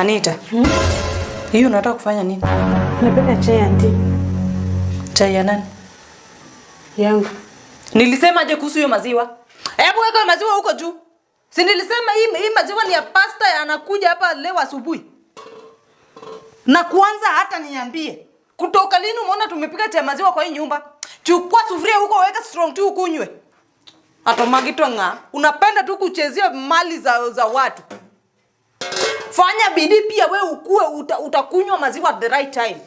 Anita, hmm? hiyo hmm? Unataka kufanya nini? Napenda chai ya anti. Chai ya nani? Yangu. Nilisema Nilisemaje kuhusu hiyo maziwa? Hebu weka maziwa huko juu. Si nilisema hii, hii maziwa ni ya pasta anakuja hapa leo asubuhi. Na kwanza hata niambie, kutoka lini umeona tumepika chai maziwa kwa hii nyumba? Chukua sufuria huko weka strong tu ukunywe. Atomagitwa nga. Unapenda tu kuchezea mali za, za watu. Fanya bidii pia we ukue uta, utakunywa maziwa at the right time.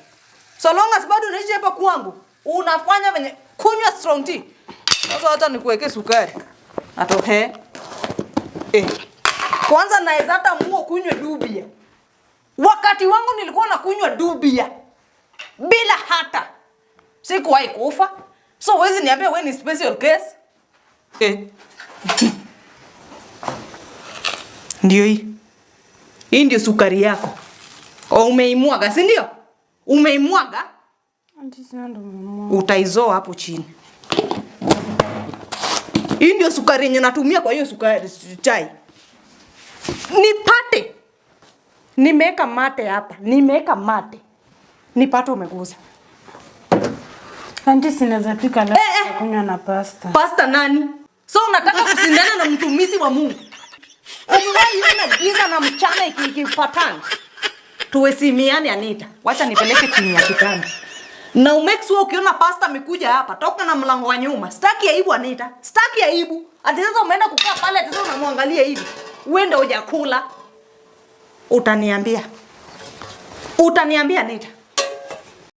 So long as bado unaishi hapa kwangu, unafanya venye kunywa strong tea. Sasa hata nikuweke sukari. Atohe. Eh. eh. Kwanza naweza hata muo kunywa dubia. Wakati wangu nilikuwa nakunywa dubia bila hata sikuwahi kufa. So wezi niambia wewe ni special case. Eh. Ndio hii. Hii ndio sukari yako. O, umeimwaga si ndio? Umeimwaga utaizoa hapo chini. Hii ndio sukari yenye natumia kwa hiyo sukari chai. Nipate. Nimeweka mate hapa. Nimeweka mate. Nipate umeguza. Anti sinaweza pika na eh, eh, kunywa na pasta. Pasta nani? So unataka kusindana na mtumishi wa Mungu? mchana mchana ikipatana tuwesimiane Anita, wacha nipeleke chini ya kitanda na umake sure ukiona pasta amekuja hapa, toka na mlango wa nyuma. Staki aibu Anita, staki aibu. Ati sasa umeenda kukaa pale, ati sasa unamwangalia hivi, uende hujakula. Utaniambia, utaniambia Anita.